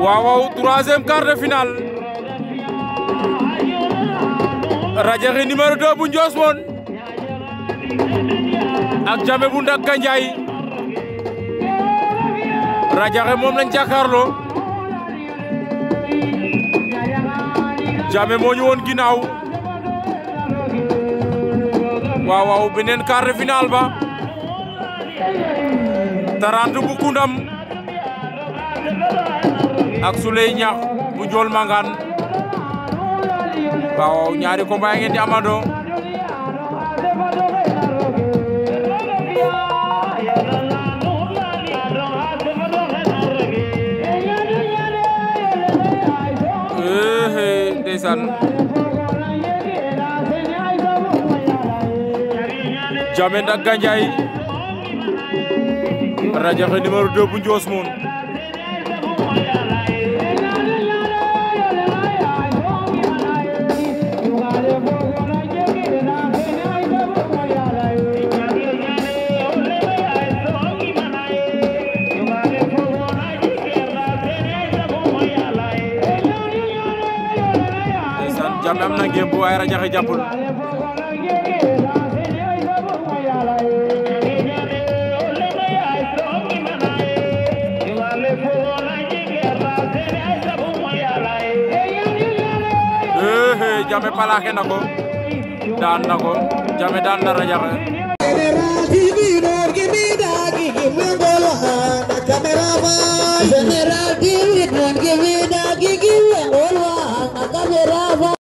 waaw troisième quart de finale Raja Rini numéro 2 bu Ndios ak Diamé bu Ndak kanjay Raja Rini mom lañ jakarlo Diamé mo ñu won ginaaw waaw waaw benen quart de finale ba Tarandu bu kundam ak Souley ñax bu nyari mangan baaw ñaari ko ngeen di amado ndeysaan Diamène raja Gandiaye Radiakhé numéro 2 jàpp am na ngeen bu waaye rajaxe jàppul Jame palaake na ko daan na ko Jame daan na Radiakhé